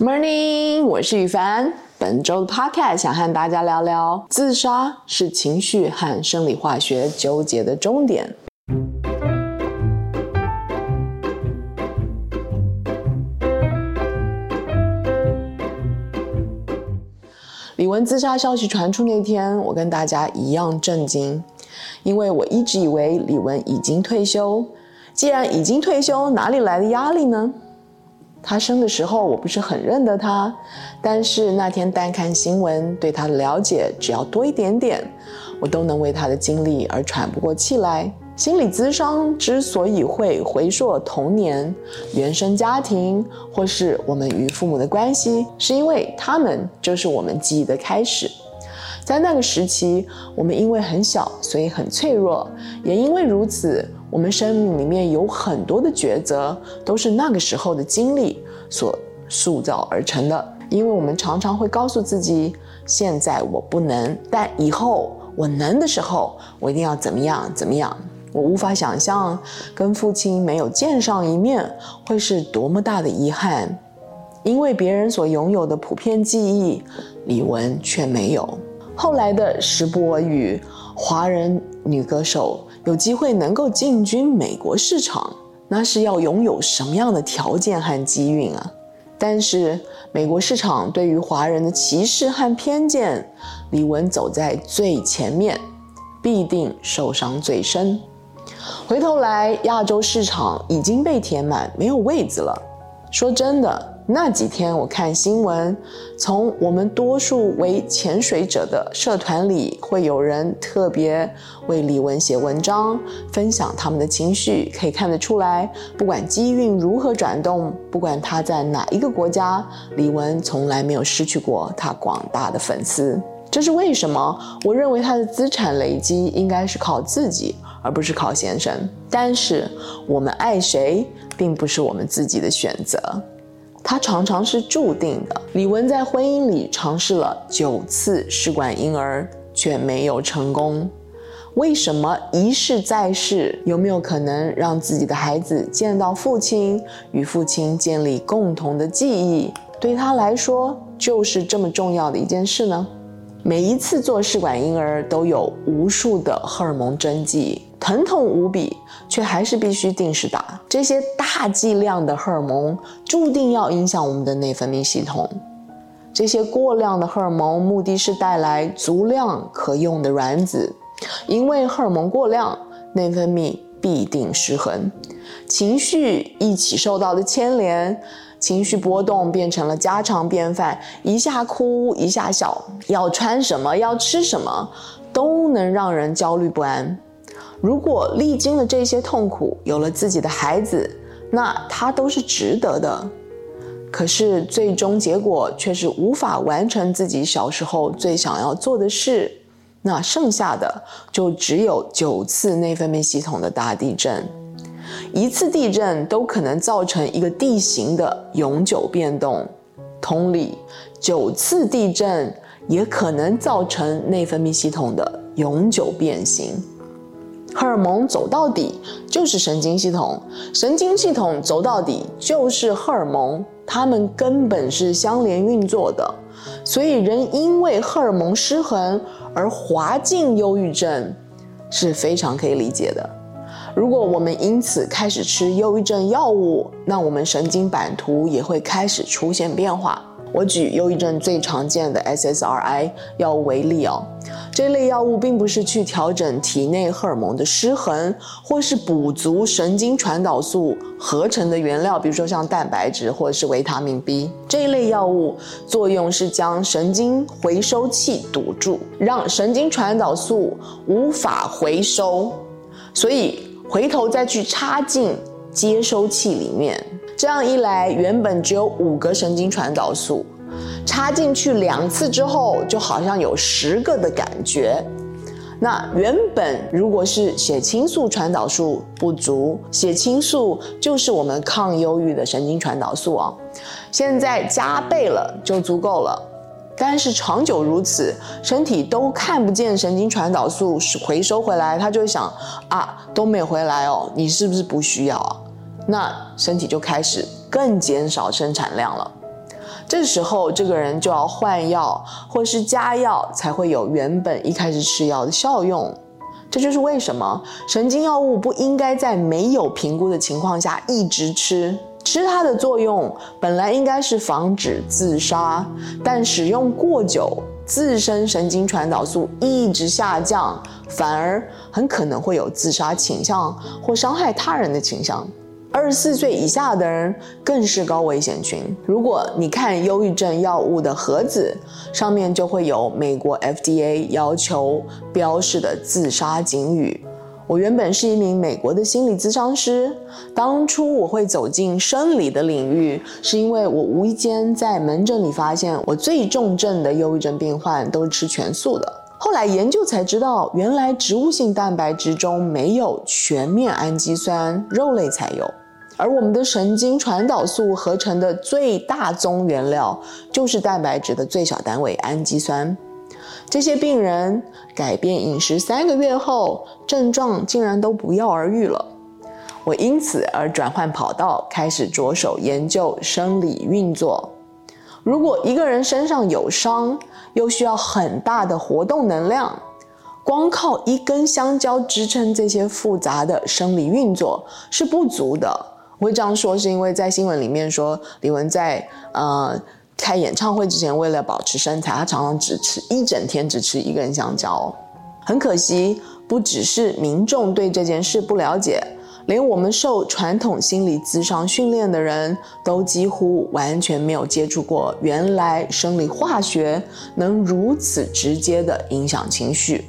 Morning，我是宇凡。本週的 Podcast 想和大家聊聊，自殺是情緒和生理化學糾結的終點。李玟自殺消息傳出那天，我跟大家一樣震驚，因為我一直以為李玟已經退休。既然已經退休，哪裡來的壓力呢？他生的時候，我不是很認得她，但是那天單看新聞，對她的了解只要多一點點，我都能為她的經歷而喘不過氣來。心理諮商之所以會回溯童年、原生家庭，或是我們與父母的關係，是因為他們就是我們記憶的開始。在那個時期，我們因為很小，所以很脆弱。也因為如此，我們生命裡面有很多的抉擇，都是那個時候的經歷所塑造而成的。因為我們常常會告訴自己，現在我不能，但以後我能的時候，我一定要怎麼樣怎麼樣。我無法想象，跟父親沒有見上一面會是多麼大的遺憾。因為別人所擁有的普遍記憶，李玟卻沒有。後來的石波與華人女歌手有機會能夠進軍美國市場，那是要擁有什麼樣的條件和機運啊？但是美國市場對於華人的歧視和偏見，李玟走在最前面，必定受傷最深。回頭來，亞洲市場已經被填滿，沒有位子了。說真的。那幾天我看新聞，從我們多數為潛水者的社團裡，會有人特別為李玟寫文章，分享他們的情緒，可以看得出來，不管機運如何轉動，不管他在哪一個國家，李玟從來沒有失去過他廣大的粉絲。這是為什麼？我認為他的資產累積應該是靠自己，而不是靠先生。但是我們愛誰，並不是我們自己的選擇。他常常是注定的。李玟在婚姻裡嘗試了九次試管嬰兒，卻沒有成功。為什麼一試再試，有沒有可能讓自己的孩子見到父親，與父親建立共同的記憶？對他來說，就是這麼重要的一件事呢？每一次做試管嬰兒，都有無數的荷爾蒙針劑。疼痛無比，卻還是必須定時打這些大劑量的荷爾蒙，注定要影響我們的內分泌系統。這些過量的荷爾蒙，目的是帶來足量可用的卵子。因為荷爾蒙過量，內分泌必定失衡，情緒一起受到了牽連，情緒波動變成了家常便飯，一下哭一下笑，要穿什麼，要吃什麼，都能讓人焦慮不安。如果歷經了這些痛苦，有了自己的孩子，那他都是值得的。可是最終結果卻是無法完成自己小時候最想要做的事。那剩下的就只有九次內分泌系統的大地震，一次地震都可能造成一個地形的永久變動，同理，九次地震也可能造成內分泌系統的永久變形。荷爾蒙走到底就是神經系統，神經系統走到底就是荷爾蒙，它們根本是相連運作的，所以人因為荷爾蒙失衡而滑進憂鬱症，是非常可以理解的。如果我們因此開始吃憂鬱症藥物，那我們神經版圖也會開始出現變化。我舉憂鬱症最常見的 SSRI 藥物為例哦，這類藥物並不是去調整體內荷爾蒙的失衡，或是補足神經傳導素合成的原料，比如說像蛋白質或者是維他命 B。這一類藥物作用是將神經回收器堵住，讓神經傳導素無法回收，所以回頭再去插進接收器裡面。這樣一來，原本只有五個神經傳導素，插進去兩次之後，就好像有十個的感覺。那原本如果是血清素傳導素不足，血清素就是我們抗憂鬱的神經傳導素啊。現在加倍了，就足夠了，但是長久如此，身體都看不見神經傳導素是回收回來，他就會想啊，都沒回來哦，你是不是不需要啊？那身體就開始更減少生產量了，這時候這個人就要換藥或是加藥，才會有原本一開始吃藥的效用。這就是為什麼神經藥物不應該在沒有評估的情況下一直吃。吃它的作用本來應該是防止自殺，但使用過久，自身神經傳導素一直下降，反而很可能會有自殺傾向或傷害他人的傾向。二十四歲以下的人更是高危險群。如果你看憂鬱症藥物的盒子，上面就會有美國 FDA 要求標示的自殺警語。我原本是一名美國的心理諮商師，當初我會走進生理的領域，是因為我無意間在門診裡發現，我最重症的憂鬱症病患都是吃全素的。後來研究才知道，原來植物性蛋白質中沒有全面氨基酸，肉類才有。而我們的神經傳導素合成的最大宗原料就是蛋白質的最小單位——氨基酸。這些病人改變飲食三個月後，症狀竟然都不藥而癒了。我因此而轉換跑道，開始着手研究生理運作。如果一個人身上有傷，又需要很大的活動能量，光靠一根香蕉支撐這些複雜的生理運作是不足的。我會這樣說，是因為在新聞裡面說，李玟在呃開演唱會之前，為了保持身材，她常常只吃一整天，只吃一根香蕉。很可惜，不只是民眾對這件事不了解。連我們受傳統心理諮商訓練的人都幾乎完全沒有接觸過，原來生理化學能如此直接地影響情緒。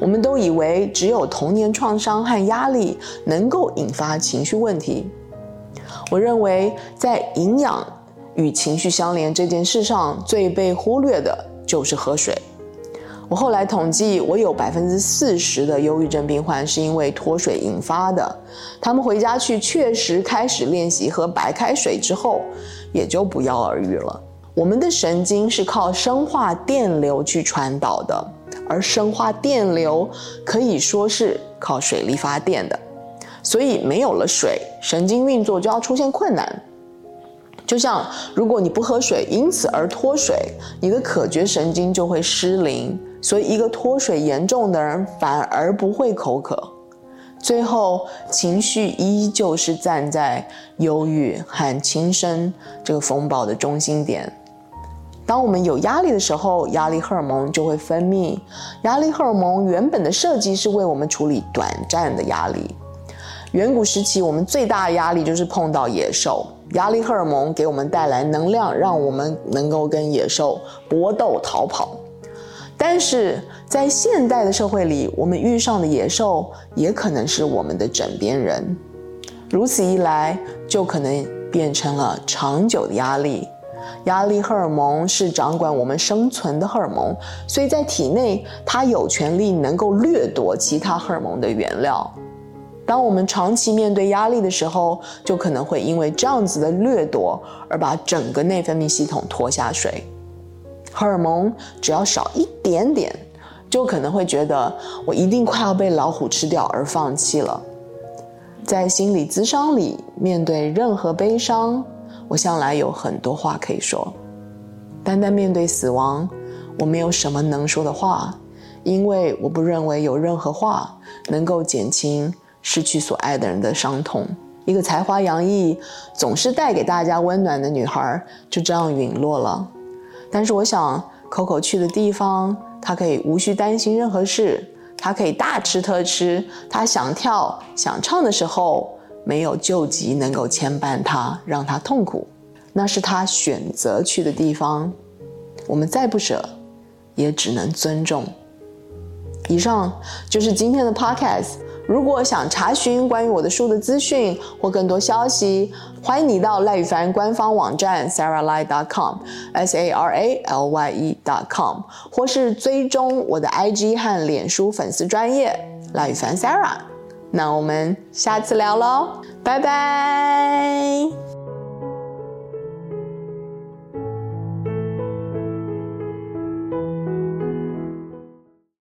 我們都以為只有童年創傷和壓力能夠引發情緒問題。我認為在營養與情緒相連這件事上，最被忽略的就是喝水。我後來統計，我有百分之四十的憂鬱症病患是因為脫水引發的。他們回家去確實開始練習喝白開水之後，也就不藥而癒了。我們的神經是靠生化電流去傳導的，而生化電流可以說是靠水力發電的，所以沒有了水，神經運作就要出現困難。就像如果你不喝水，因此而脫水，你的渴覺神經就會失靈。所以，一個脫水嚴重的人反而不會口渴，最後情緒依舊是站在憂鬱和輕生這個風暴的中心點。當我們有壓力的時候，壓力荷爾蒙就會分泌。壓力荷爾蒙原本的設計是為我們處理短暫的壓力。遠古時期，我們最大的壓力就是碰到野獸，壓力荷爾蒙給我們帶來能量，讓我們能夠跟野獸搏鬥、逃跑。但是在現代的社會裡，我們遇上的野獸也可能是我們的枕邊人，如此一來就可能變成了長久的壓力。壓力荷爾蒙是掌管我們生存的荷爾蒙，所以在體內它有權利能夠掠奪其他荷爾蒙的原料。當我們長期面對壓力的時候，就可能會因為這樣子的掠奪而把整個內分泌系統拖下水。荷爾蒙只要少一點點，就可能會覺得我一定快要被老虎吃掉而放棄了。在心理諮商裡，面對任何悲傷，我向來有很多話可以說。單單面對死亡，我沒有什麼能說的話，因為我不認為有任何話能夠減輕失去所愛的人的傷痛。一個才華洋溢、總是帶給大家溫暖的女孩兒，就這樣隕落了。但是我想，Coco 去的地方，他可以無需擔心任何事，他可以大吃特吃，他想跳想唱的時候，沒有舊疾能夠牽絆他，讓他痛苦。那是他選擇去的地方，我們再不捨，也只能尊重。以上就是今天的 podcast。如果想查詢關於我的書的資訊或更多消息，歡迎你到賴宇凡官方網站 saralye.com s a r a l y e dot com，或是追蹤我的 IG 和臉書粉絲專頁，賴宇凡 Sara。那我們下次聊嘍，拜拜。